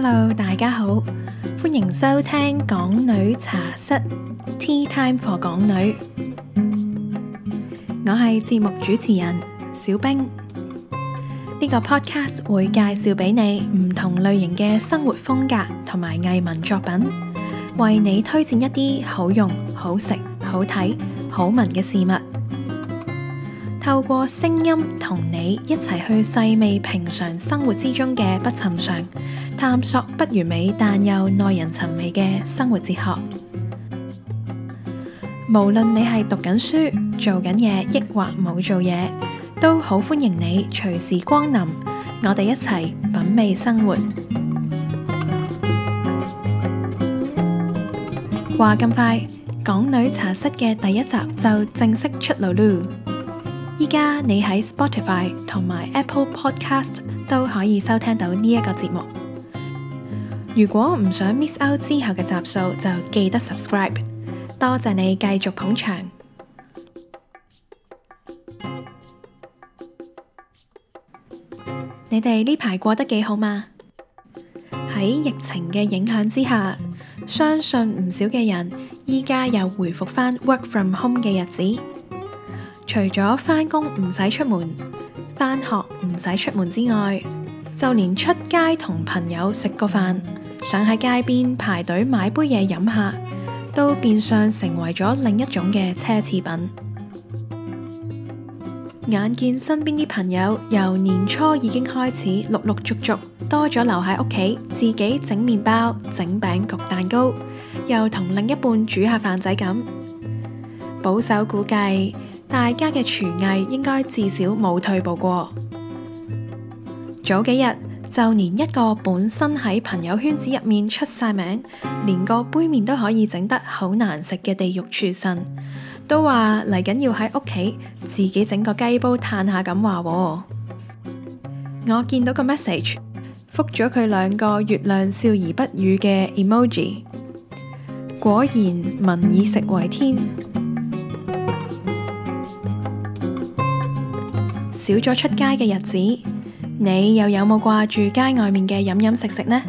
Hello，大家好，歡迎收聽港女茶室 Tea Time for 港女，我係節目主持人小冰，呢個 podcast 會介紹俾你唔同類型嘅生活風格同埋藝文作品，為你推薦一啲好用、好食、好睇、好文嘅事物。透過聲音同你一齊去細味平常生活之中嘅不尋常，探索不完美但又耐人尋味嘅生活哲學。無論你係讀緊書、做緊嘢，抑或冇做嘢，都好歡迎你隨時光臨，我哋一齊品味生活。話咁快，港女茶室嘅第一集就正式出爐嚕！依家你喺 Spotify 同埋 Apple Podcast 都可以收聽到呢一個節目。如果唔想 miss out 之後嘅集數，就記得 subscribe。多謝你繼續捧場。你哋呢排過得幾好嘛？喺疫情嘅影響之下，相信唔少嘅人依家又回復返 work from home 嘅日子。除咗返工唔使出門、返學唔使出門之外，就連出街同朋友食個飯，想喺街邊排隊買杯嘢飲下，都變相成為咗另一種嘅奢侈品。 眼見身邊啲朋友由年初已經開始陸陸續續多咗留喺屋企，自己整麵包、整餅焗蛋糕，又同另一半煮下飯仔咁，保守估計，大家嘅廚藝應該至少冇退步過。早幾日，就連一個本身喺朋友圈子入面出晒名，連個杯麵都可以整得好難食嘅地獄廚神，都話嚟緊要喺屋企，自己整個雞煲嘆下咁話。我見到個 message，覆咗佢兩個月亮笑而不語嘅 emoji。果然民以食為天。少咗出街嘅日子，你又有冇掛住街外面嘅飲飲食食呢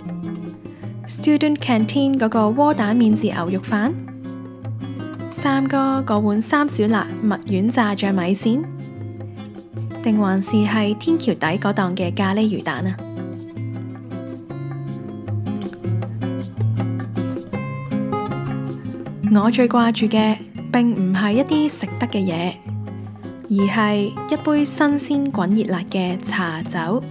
？Student canteen 嗰個窩蛋免治牛肉飯，三哥嗰碗三小辣墨丸炸醬米線，定還是係天橋底嗰檔嘅咖喱魚蛋啊？我最掛住嘅，並唔係一啲食得嘅嘢。而係一杯新鮮滾熱辣嘅茶走，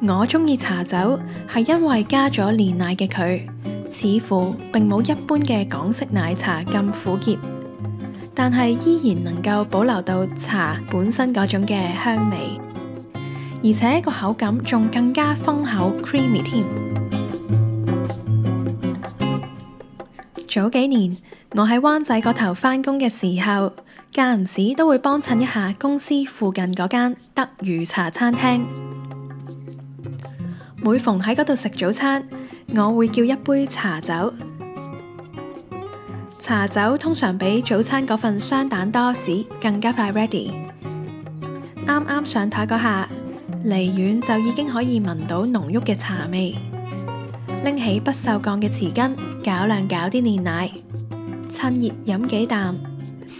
我中意茶走係因為加咗煉奶嘅佢，似乎並冇一般嘅港式奶茶咁苦澀，但係依然能夠保留到茶本身嗰種嘅香味，而且個口感仲更加豐厚 creamy 添。早幾年我喺灣仔嗰頭返工嘅時候，間唔時都會幫襯一下公司附近嗰間德如茶餐廳。每逢喺嗰度食早餐，我會叫一杯茶走。茶走通常比早餐嗰份雙蛋多士更加快 ready。啱啱上台嗰下，離遠就已經可以聞到濃郁嘅茶味。拎起不銹鋼嘅匙羹，攪兩攪啲煉奶，趁熱飲幾啖。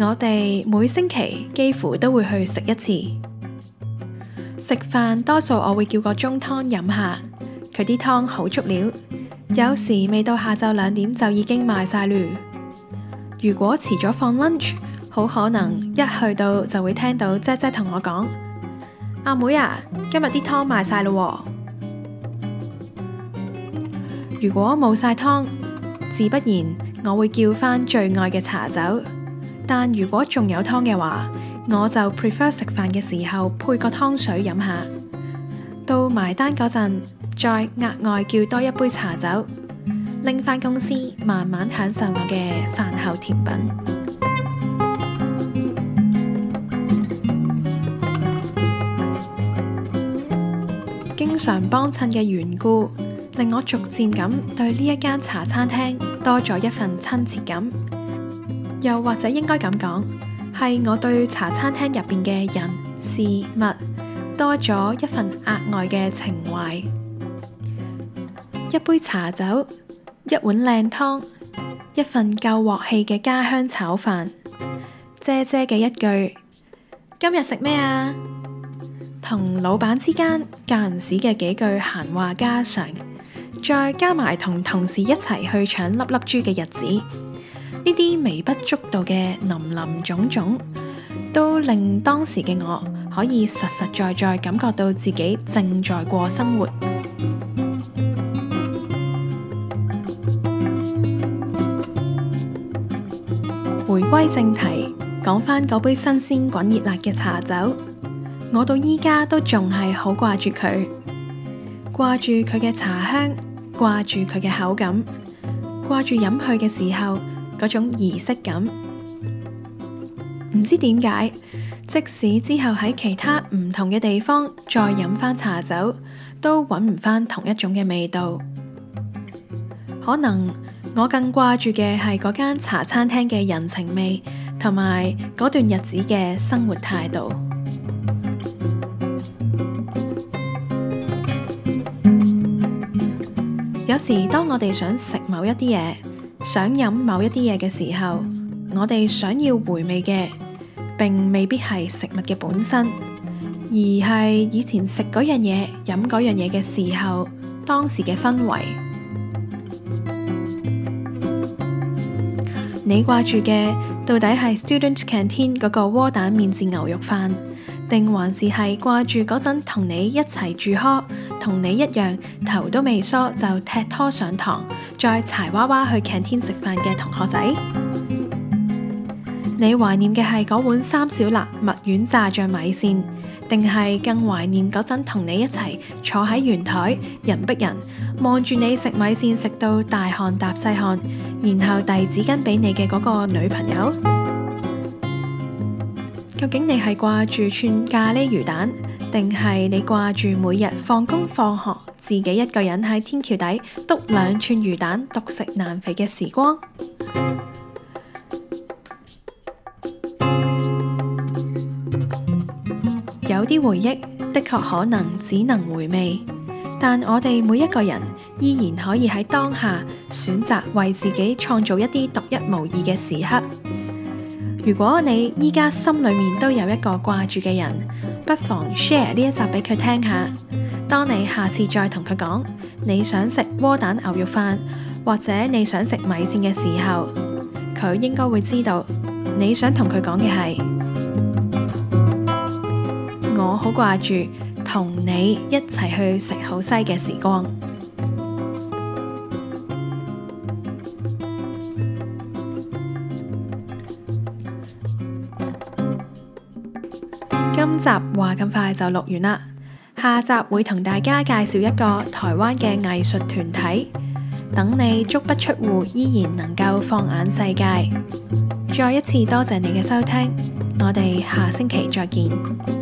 我哋每星期幾乎都會去食一次食飯，多數我會叫個中湯飲下佢，啲湯好足料，有時未到下晝兩點就已經賣晒啦。如果遲咗放 lunch，好可能一去到就會聽到「姐姐」同我講，阿妹啊，今日啲湯賣晒啦。如果冇晒湯，自不然我會叫返最愛嘅茶走。但如果仲有湯嘅話，我就 prefer 食飯嘅時候配個湯水飲下。到埋單嗰陣，再額外叫多一杯茶走，拎返公司慢慢享受我嘅飯後甜品。 經常幫襯嘅緣故，令我逐漸咁對呢一間茶餐廳多咗一份親切感。又或者應該咁講，係我對茶餐廳入邊嘅人事物多咗一份額外嘅情懷。一杯茶走，一碗靚湯，一份夠鑊氣嘅家鄉炒飯，姐姐嘅一句今日食咩啊，同老闆之間間時嘅幾句閒話家常，再加埋同同事一齊去搶粒粒豬嘅日子。呢啲微不足道嘅林林種種，都令當時嘅我可以實實在在感覺到自己正在過生活。回歸正題，講返嗰杯新鮮滾熱辣嘅茶走，我到依家都仲係好掛住佢，掛住佢嘅茶香，掛住佢嘅口感，掛住飲佢嘅時候。嗰種儀式感，唔知點解，即使之後喺其他唔同嘅地方再飲返茶走，都揾唔返同一種嘅味道。可能我更掛住嘅係嗰間茶餐廳嘅人情味，同埋嗰段日子嘅生活態度。 有時當我哋想食某一啲嘢，想飲某一啲嘢嘅時候，我哋想要回味嘅並未必係食物嘅本身，而係以前食嗰樣嘢、飲嗰樣嘢嘅時候，當時嘅氛圍。你掛住嘅到底係 Student Canteen 嗰個窩蛋免治牛肉飯，定還是係掛住嗰陣同你一齊住喝？同你一樣頭都未梳就踢拖上堂，再柴娃娃去 canteen 食飯嘅同學仔， 你懷念嘅係嗰碗三小辣墨丸炸醬米線，定係更懷念嗰陣同你一齊坐喺圓台人逼人望住你食米線食到大汗搭細汗，然後遞紙巾俾你嘅嗰個女朋友？ 究竟你係掛住串咖喱魚蛋？定係你掛住每日放工放學，自己一個人喺天橋底篤兩串魚蛋，獨食難肥嘅時光。 有啲回憶的確可能只能回味，但我哋每一個人依然可以喺當下選擇為自己創造一啲獨一無二嘅時刻。如果你依家心裏面都有一個掛住嘅人，不妨 share 呢一集俾佢聽下。當你下次再同佢講你想食窩蛋牛肉飯，或者你想食米線嘅時候，佢應該會知道你想同佢講嘅係我好掛住同你一齊去食好西嘅時光。集話咁快就錄完啦，下集會同大家介紹一個台灣嘅藝術團體，等你足不出戶依然能夠放眼世界。再一次多謝你嘅收聽，我哋下星期再見。